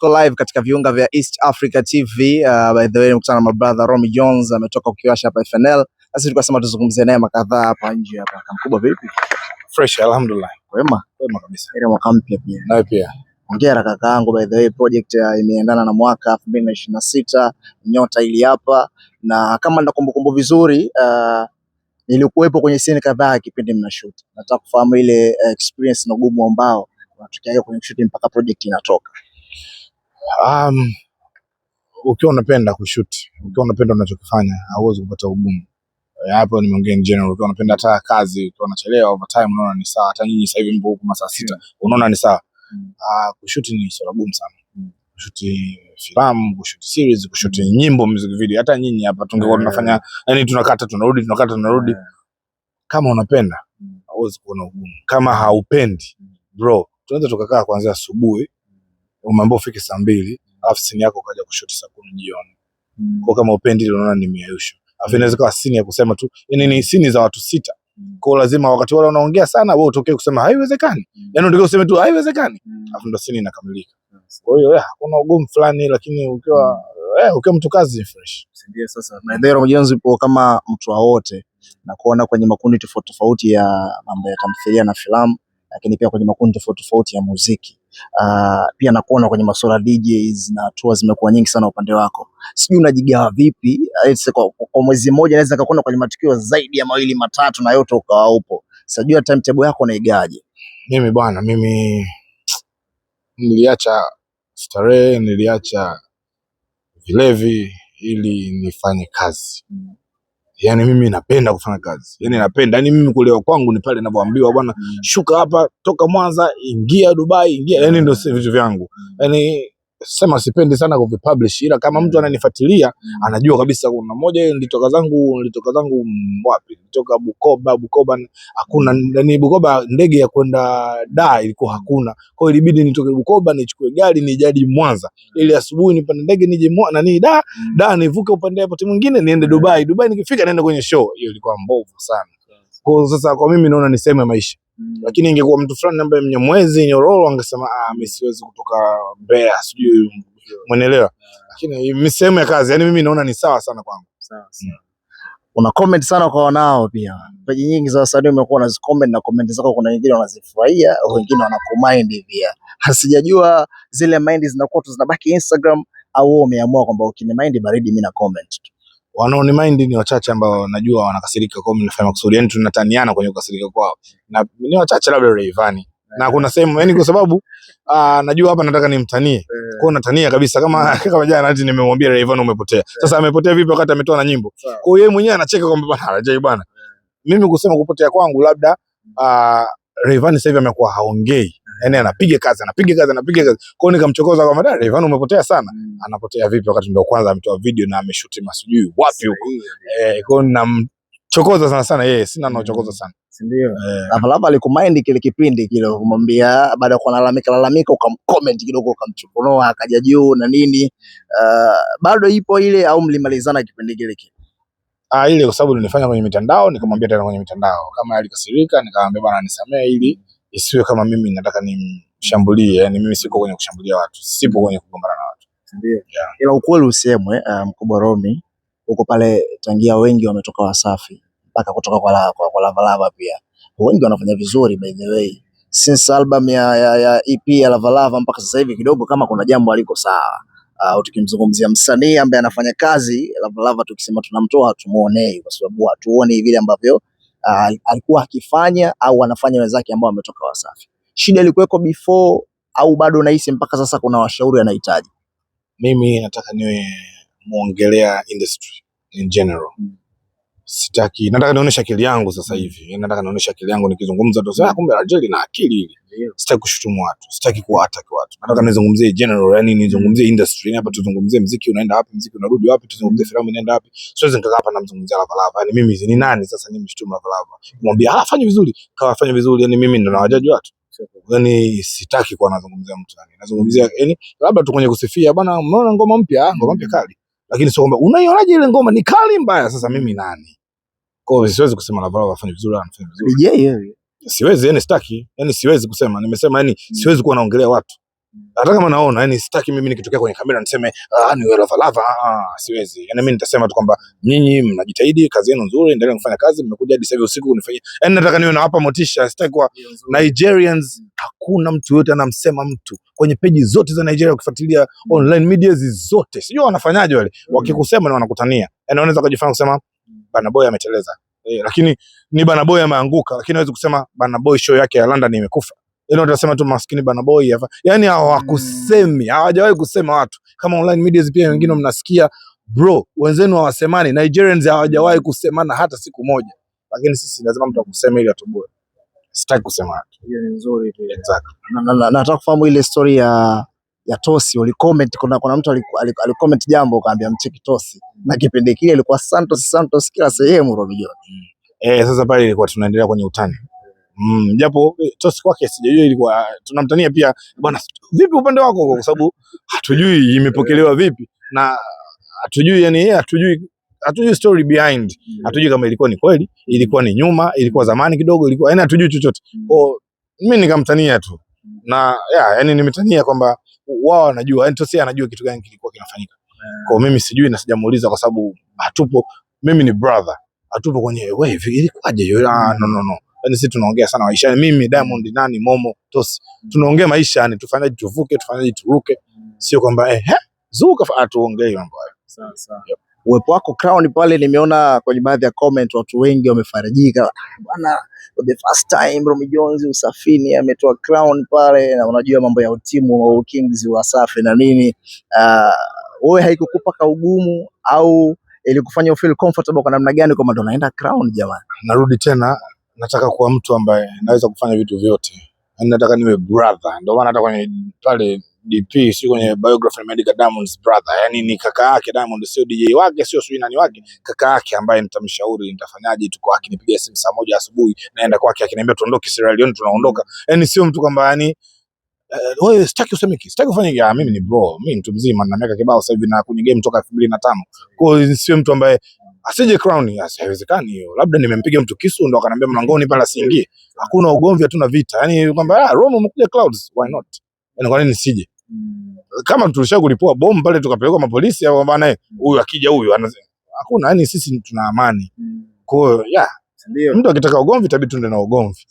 Tuko live katika viunga vya East Africa TV. Uh, by the way nimekutana na my brother Romy Jones ametoka ukiwasha hapa FNL. Sasa tulikuwa sema tuzungumzie naye makadhaa hapa nje hapa. Kamkubwa vipi? Fresh, alhamdulillah. Kwema? Kwema kabisa. Ile mwaka mpya pia. Nawe pia. Hongera kaka yangu, by the way project uh, imeendana na mwaka 2026 nyota ili hapa na kama nina kumbukumbu vizuri uh, nilikuwepo kwenye scene kadhaa kipindi mnashoot. Nataka kufahamu ile uh, experience na ugumu ambao unatokea kwenye shoot mpaka project inatoka. Um, ukiwa unapenda kushoot, ukiwa unapenda unachokifanya, hauwezi kupata ugumu. Eh, hapo nimeongea in general, ukiwa unapenda hata kazi, ukiwa unachelewa overtime, unaona ni sawa. Hata nyinyi sasa hivi mpo huko masaa sita, unaona ni sawa. Uh, kushoot ni swala gumu sana. Mm. kushoot filamu, kushoot series, kushuti mm. nyimbo, music video. Hata nyinyi hapa tungekuwa tunafanya, yani tunakata tunarudi, tunakata tunarudi. Kama unapenda, hauwezi kuona ugumu. Kama haupendi, bro, tunaweza tukakaa kuanzia asubuhi umeambia ufike saa mbili alafu sini yako ukaja kushoti saa kumi jioni mm. Kwa kama upendi ile unaona ni miaisho alafu inaweza kuwa sini ya kusema tu yani ni sini za watu sita mm. kwa lazima wakati wale wanaongea sana wewe utokee kusema haiwezekani, mm. yani utokee useme tu haiwezekani, mm. alafu ndo sini inakamilika. Ah, kwa hiyo eh, hakuna ugumu fulani, lakini ukiwa eh, ukiwa mtu kazi fresh, ndio sasa. Maendeleo Dero Majonzi ipo kama mtu wote na kuona kwenye makundi tofauti tofauti ya mambo ya tamthilia na filamu lakini pia kwenye makundi tofauti tofauti ya muziki. Uh, pia nakuona kwenye masuala DJs na tour zimekuwa nyingi sana upande wako, sijui unajigawa vipi? Kwa, kwa mwezi mmoja naweza nikakuona kwenye matukio zaidi ya mawili matatu na yote ukawa upo. Sijui timetable yako unaigawaje? Mimi bwana, mimi niliacha starehe, niliacha vilevi ili nifanye kazi mm. Yani mimi napenda kufanya kazi, yani napenda, yani mimi kulewa kwangu ni pale ninavyoambiwa bwana, mm. shuka hapa, toka Mwanza, ingia Dubai, ingia, yani ndio vitu vyangu mm. yani sema sipendi sana kuvipublish, ila kama mtu mm. ananifuatilia mm. anajua kabisa kuna moja hiyo nilitoka zangu nilitoka zangu wapi? Nilitoka Bukoba. Bukoba hakuna ni Bukoba, ndege ya kwenda da ilikuwa hakuna, kwa hiyo ilibidi nitoke Bukoba nichukue gari nijadi Mwanza, ili asubuhi nipande ndege nije Mwanza na ni da mm. da nivuke upande hapo mwingine niende Dubai. Dubai nikifika naenda kwenye show. Hiyo ilikuwa mbovu sana. Kwa sasa kwa mimi naona ni sehemu maisha. Mm. Lakini ingekuwa mtu fulani ambaye Mnyamwezi nyororo angesema ah, mimi siwezi kutoka Mbeya, sijui mwenelewa, lakini mimi sehemu ya kazi. Yani mimi naona ni sawa sana kwangu. Sawa mm. sawa. Mm. Una comment sana kwa wanao pia. Mm. Peji nyingi za wasanii umekuwa na comment na comment zako, kuna wengine wanazifurahia, wengine wanakumind pia. Hasijajua zile mind zinakuwa tu zinabaki Instagram au wewe umeamua kwamba ukini mind baridi mimi na comment wanaoni mind ni wachache ambao najua wanakasirika kwao, mnafanya makusudi, yani tunataniana kwenye kukasirika kwao, na ni wachache labda Rayvanny na kuna sehemu yani, kwa sababu uh, najua hapa nataka nimtanie eh. kwao, natania kabisa kama mm. kama jana hadi nimemwambia Rayvanny umepotea. Eh. Sasa amepotea vipi wakati ametoa na nyimbo? Kwa hiyo yeye mwenyewe anacheka kwamba bwana Rajai bwana, eh. mimi kusema kupotea kwangu labda uh, Rayvanny sasa hivi amekuwa haongei yani anapiga kazi anapiga kazi anapiga kazi. Kwa hiyo nikamchokoza kwa madada, Rayvanny umepotea sana. Mm. Anapotea vipi wakati ndio kwanza ametoa video na ameshuti masijui wapi huko eh? Kwa hiyo namchokoza sana sana yeye, sina nachokoza mm. sana ndio hapo eh. labda alikumind kile kipindi kile, kumwambia baada ya kulalamika lalamika, ukamcomment kidogo, ukamchukonoa akaja juu na nini. Uh, bado ipo ile au mlimalizana kipindi kile kile? Ah, ile kwa sababu nilifanya kwenye mitandao, nikamwambia tena kwenye mitandao kama alikasirika, nikamwambia bwana, nisamee ili isiwe kama mimi nataka nimshambulie, yani mimi siko kwenye kushambulia watu, sipo kwenye kugombana na watu ndio. Yeah. Ila ukweli usemwe, uh, mkubwa Romi huko pale tangia wengi wametoka Wasafi mpaka kutoka kwa la, kwa, kwa Lavalava pia wengi wanafanya vizuri by the way since album ya, ya, ya EP ya Lavalava mpaka sasa hivi kidogo kama kuna jambo aliko sawa. Uh, tukimzungumzia msanii ambaye anafanya kazi Lavalava, tukisema tunamtoa hatumuonei, kwa sababu hatuoni vile ambavyo uh, alikuwa akifanya au anafanya wenzake ambao wametoka Wasafi. Shida ilikuweko before au bado unahisi mpaka sasa kuna washauri anahitaji? Mimi nataka niwe muongelea industry in general. mm. Sitaki, nataka nionyesha akili yangu sasa hivi. Nataka nionyesha akili yangu nikizungumza tu sasa, ah, kumbe Algeri na akili ile. Sitaki kushutumu watu, sitaki kuattack watu. Nataka nizungumzie general, yani nizungumzie industry hapa, tuzungumzie mziki unaenda wapi, mziki unarudi wapi, tuzungumzie filamu inaenda wapi. Siwezi nikakaa hapa namzungumzia Lava Lava. Yani mimi ni nani sasa nimshutumu Lava Lava? Mwambie ah, fanye vizuri, kawa fanya vizuri. Yani mimi ndo nawajaji watu. Yani sitaki kuwa nazungumzia mtu, yani nazungumzia yani labda tu kwenye kusifia, bwana, umeona ngoma mpya, ah, ngoma mpya kali, lakini sio kwamba unaionaje ile ngoma ni kali mbaya. Sasa mimi nani? Kwa hiyo siwezi kusema Lava Lava afanye vizuri, anafanya vizuri, yeah, yeah siwezi yani, sitaki yani, siwezi kusema, nimesema yani mm. siwezi kuwa naongelea watu hmm. hata kama naona yani, sitaki mimi nikitokea kwenye kamera niseme ah, ni lava lava. Ah, ah, siwezi yani, mimi nitasema tu kwamba nyinyi mnajitahidi, kazi yenu nzuri, endelea kufanya kazi, mmekuja hadi sasa usiku kunifanyia yani, nataka niwe nawapa motisha, sitaki kwa Nigerians. Hmm. Hakuna mtu yote anamsema mtu kwenye peji zote za Nigeria, ukifuatilia mm. online media zote, sijui wanafanyaje wale, mm. wakikusema na wanakutania yani, wanaweza kujifanya kusema hmm. bana boy ameteleza E, lakini ni Bana Boy ameanguka, lakini hawezi kusema Bana Boy show yake ya London imekufa. Yani watasema tu maskini Bana Boy hapa. Yani hawakusemi, mm. hawajawahi kusema watu. Kama online media pia wengine mnasikia bro, wenzenu hawasemani, Nigerians hawajawahi kusemana hata siku moja. Lakini sisi lazima mtu akuseme ili atuboe. Sitaki kusema hata. Hiyo ni nzuri tu. Exactly. Na nataka kufahamu ile story ya ya Tosi ulicomment, kuna, kuna mtu alicomment jambo ukaambia mcheki Tosi, na kipindi kile ilikuwa Santos Santos kila sehemu Robijoni. Mm. Eh, sasa pale ilikuwa tunaendelea kwenye utani Mm, japo eh, Tosi kwake sijajua ilikuwa tunamtania pia bwana, vipi upande wako, kwa sababu hatujui imepokelewa vipi na hatujui yani, yeye hatujui hatujui story behind, mm. hatujui kama ilikuwa ni kweli, ilikuwa ni nyuma, ilikuwa zamani kidogo, ilikuwa yani hatujui chochote. Kwa mimi nikamtania tu na ya, yani nimetania kwamba wao wanajua, yani Tosi anajua kitu gani kilikuwa kinafanyika. Kwa mimi sijui na sijamuuliza kwa sababu hatupo, mimi ni brother, hatupo kwenye wewe, ilikuwaje hiyo? Ah, no no no, yani sisi tunaongea sana maisha, mimi Diamond, nani Momo, Tosi, tunaongea maisha, yani tufanyaje, tuvuke, tufanyaje, turuke, sio kwamba eh, zuka, atuongee mambo hayo. Sawa sawa uwepo wako Crown pale. Nimeona kwenye baadhi ya comment watu wengi wamefarijika, ah, bwana, for the first time Romy Jones Usafini ametoa Crown pale, na unajua mambo ya utimu wa Kings Wasafi na nini. Ah, wewe uh, haikukupa kaugumu au ilikufanya feel comfortable kwa namna gani kwamba ndo naenda Crown? Jamani, narudi tena, nataka kuwa mtu ambaye naweza kufanya vitu vyote, yani nataka niwe brother, ndio maana hata kwenye pale DP si kwenye biography imeandika Diamond's brother, yani ni kaka yake Diamond, sio DJ wake, sio sio nani wake, kaka yake ambaye nitamshauri nitafanyaje. Tuko akinipigia simu saa moja asubuhi naenda kwake, akiniambia tuondoke Sierra Leone, tunaondoka. Yani sio mtu kwamba yani Uh, eh, wewe sitaki useme kiki, sitaki ufanye hiki. Ah, mimi ni bro, mimi mtu mzima na miaka kibao sasa hivi na kwenye game toka 2005 kwa hiyo sio mtu ambaye asije crown. Haiwezekani hiyo, labda nimempiga mtu kisu ndo akanambia mlangoni pala siingie. Hakuna ugomvi, hatuna vita, yani kwamba ah, Rome umekuja clouds, why not? Yani kwa nini nisije kama tulisha kulipua bomu pale tukapelekwa mapolisi au bwana eh, mm. huyu akija huyu hakuna, yani sisi tuna amani. Mm. Kwa hiyo ya mtu akitaka ugomvi itabidi tuende na ugomvi,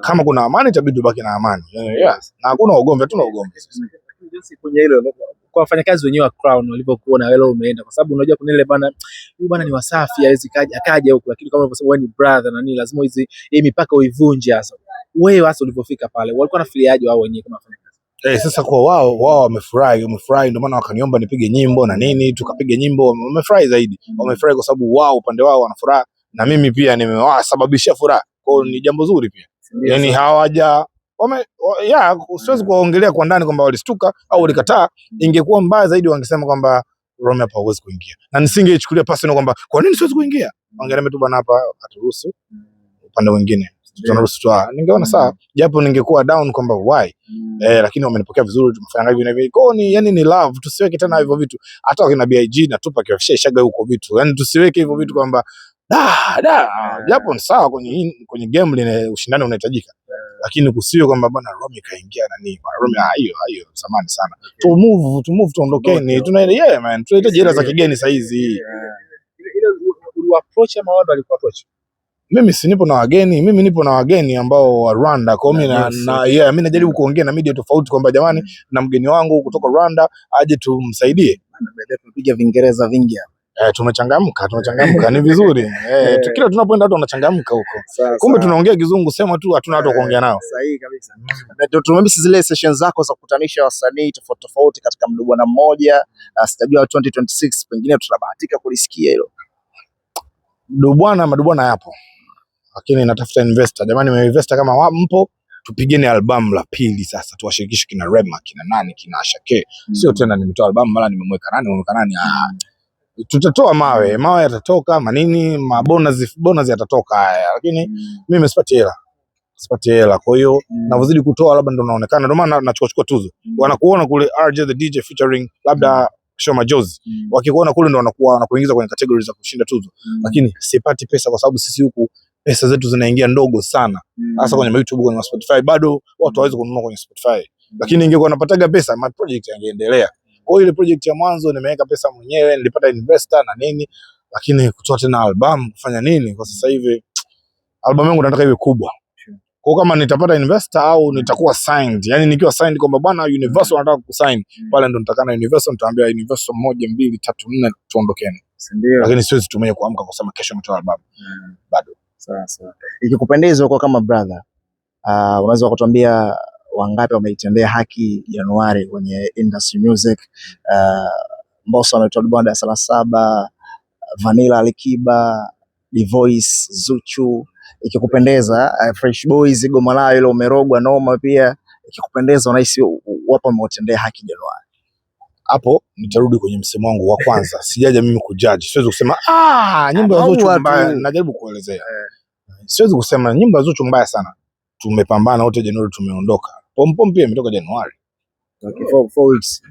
kama kuna amani itabidi tubaki na amani eh, yeah. na hakuna ugomvi, hatuna ugomvi mm. kwenye hilo kwa wafanyakazi wenyewe wa Crown walivyokuona wewe umeenda, kwa sababu unajua kuna ile bana, huyu bana ni wasafi, hawezi kaja akaja huko, lakini kama unavyosema wewe ni brother na nini, lazima hizi hii mipaka uivunje. Hasa wewe hasa ulivyofika pale, walikuwa na filiaji wao wenyewe kama wafanyakazi Eh, sasa kwa wao wao wamefurahi, wamefurahi ndio maana wakaniomba nipige nyimbo na nini, tukapiga nyimbo. Wamefurahi zaidi, wamefurahi kwa sababu wao upande wao wana furaha na mimi pia nimewasababishia furaha, kwao ni jambo zuri pia. Yes. Yani hawaja wame, ya siwezi kuwaongelea kwa ndani kwamba walistuka au walikataa. Ingekuwa mbaya zaidi wangesema kwamba Romeo hapa hawezi kuingia, na nisingeichukulia personal kwamba kwa nini siwezi kuingia. Wangeambia tu bwana, hapa haturuhusu upande mwingine tunaruswa ningeona sawa, mm. japo ningekuwa down kwamba why mm. eh, lakini wamenipokea vizuri, tumefanya hivi na hivi kwa yani ni love. Tusiweke tena hivyo vitu, hata wakina BIG na Tupac ishaga huko vitu, yani tusiweke hivyo vitu kwamba da da, japo ni sawa kwenye kwenye game ile ushindani unahitajika, lakini kusio kwamba bwana Romy kaingia na nini bwana Romy, ah, hiyo hiyo zamani sana. To move to move, tuondokeni, tunaenda yeah man, tunahitaji hela za kigeni sasa hizi ile ile approach ama wao walikuwa approach mimi si nipo na wageni, mimi nipo na wageni ambao wa Rwanda. Kwa mimi na, na, yeah, mimi najaribu kuongea na media tofauti kwamba jamani, mm. na mgeni wangu kutoka Rwanda aje tumsaidie. Tunapiga Vingereza vingi hapa. Eh, tumechangamka tumechangamka, ni vizuri eh, eh. kila tunapoenda watu wanachangamka huko, kumbe tunaongea kizungu, sema tu hatuna watu wa kuongea nao. Sahihi kabisa. Mm. Tumemisi zile session zako za kukutanisha wasanii tofauti tofauti katika mdubwana mmoja, ah, sitajua 2026 pengine tutabahatika kulisikia hilo. Dubwana madubwana yapo lakini natafuta investor. Jamani, investor kama mpo, tupigeni albamu la pili sasa, tuwashirikishe kina Rema, kina nani, kina Ashake. Mm. Sio tena nimetoa albamu mara nimemweka nani, nimemweka nani. Ah, mm. tutatoa mawe, mawe yatatoka, manini, mabonus, bonus yatatoka haya, lakini mm. mimi mm. sipati hela sipati hela. Kwa hiyo mm. navozidi kutoa labda ndo naonekana, ndo maana nachukua tuzo mm. wanakuona kule RJ the DJ featuring labda mm. Shoma majozi mm. wakikuona kule ndo wanakuwa wanakuingiza kwenye kategori za kushinda tuzo mm. lakini sipati pesa kwa sababu sisi huku pesa zetu zinaingia ndogo sana mm. hasa mm. kwenye YouTube kwenye Spotify, bado watu hawezi kununua kwenye Spotify, mm. lakini ingekuwa napataga pesa my project yangeendelea. Mm. Kwa hiyo ile project ya mwanzo nimeweka pesa mwenyewe, nilipata investor na nini, lakini kutoa tena album kufanya nini, kwa sasa hivi album yangu nataka iwe kubwa. Kwa kama nitapata investor au nitakuwa signed, yani nikiwa signed kwamba bwana Universal anataka kusign mm. pale, ndo nitakana na Universal, nitaambia Universal moja mbili tatu nne tuondokeni, lakini siwezi tumia kuamka kusema kesho mtoa album bado Ikikupendeza uko kama brother, uh, unaweza kutuambia wangapi wameitendea haki Januari kwenye industry music? Uh, Mbosso anaitwa Bonda sala saba, Vanilla Alikiba, Divoice, Zuchu. Ikikupendeza uh, Fresh Boys, Goma lao ile umerogwa noma pia. Ikikupendeza unahisi wapo wamewatendea haki Januari? hapo nitarudi kwenye msemo wangu wa kwanza. Sijaja mimi kujaji siwezi kusema ah, nyimbo ya Zuchu mbaya. Najaribu kuelezea, eh. siwezi kusema nyimbo ya Zuchu mbaya sana. Tumepambana wote Januari, tumeondoka pompom, pia imetoka Januari four weeks.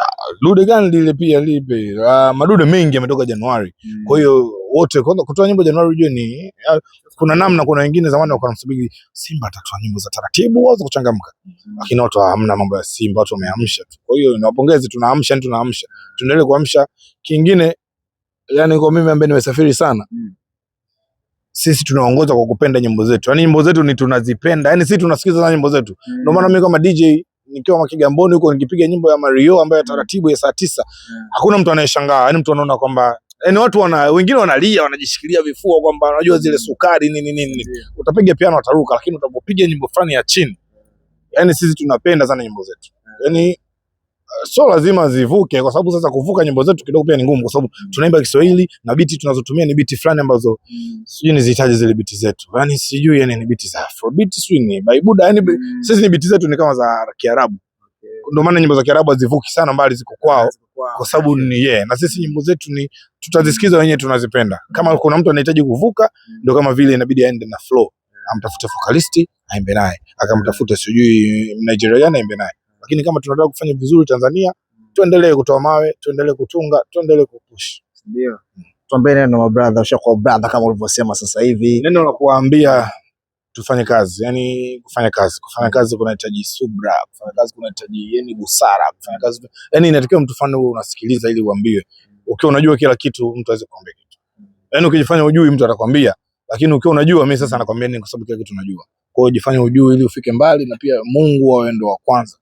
Ah, dude gani lile pia lipe, ah, madude mengi yametoka Januari, mm. kwa hiyo wote kwanza kutoa nyimbo Januari Juni, kuna namna, kuna wengine zamani wakawa wanasubiri Simba atatoa nyimbo za taratibu au za kuchangamka, mhm. lakini watu hamna mambo ya Simba, watu wameamsha tu. Kwa hiyo niwapongeze, tunaamsha ni tunaamsha, mhm. tuendelee kuamsha. Kingine yani, kwa mimi ambaye nimesafiri sana mhm. Sisi tunaongoza kwa kupenda nyimbo zetu, yani nyimbo zetu ni tunazipenda, yani sisi tunasikiza sana nyimbo zetu Ndio maana mimi kama DJ nikiwa Makigamboni huko nikipiga nyimbo ya Mario ambayo taratibu ya saa tisa, hakuna mtu anayeshangaa, yani mtu anaona kwamba Yaani watu wana wengine wanalia wanajishikilia vifua kwamba unajua zile mm. sukari nini nini. Yeah. Utapiga piano wataruka, lakini utapopiga nyimbo fulani ya chini. Yaani sisi tunapenda sana nyimbo zetu. Mm. Yaani eh, so lazima zivuke kwa sababu sasa kuvuka nyimbo zetu kidogo pia ni ngumu, kwa sababu mm. tunaimba Kiswahili na biti tunazotumia ni biti fulani ambazo sijui ni nizihitaji zile biti zetu, yani sijui, yani ni biti za afro Afrobeat, sijui ni Baibuda, yani sisi ni biti zetu ni kama za Kiarabu, ndio maana nyimbo za Kiarabu hazivuki sana mbali, ziko kwao kwa sababu ni yeah, na sisi nyimbo zetu ni tutazisikiza wenyewe tunazipenda. Kama kuna mtu anahitaji kuvuka, ndio kama vile inabidi aende na flow, amtafute vocalist aimbe naye, akamtafute sijui Nigeria aimbe naye. Lakini kama tunataka kufanya vizuri Tanzania, tuendelee kutoa mawe, tuendelee kutunga, tuendelee kupush, ndio mm. tuambie neno wa brother, ushakuwa brother kama ulivyosema sasa hivi, neno la kuambia tufanye kazi. Yani kufanya kazi, kufanya kazi kunahitaji subra, kufanya kazi kunahitaji yani busara, kufanya kazi yani inatakiwa mtu fulani wewe unasikiliza ili uambiwe. Ukiwa unajua kila kitu, mtu aweze kuambia kitu. Yani ukijifanya ujui, mtu atakwambia, lakini ukiwa unajua, mimi sasa nakwambia nini, kwa sababu kila kitu unajua. Kwa hiyo jifanye ujui ili ufike mbali, na pia Mungu awe ndo wa kwanza.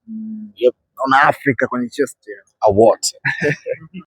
Yep. Ona Afrika kwenye chest ya wote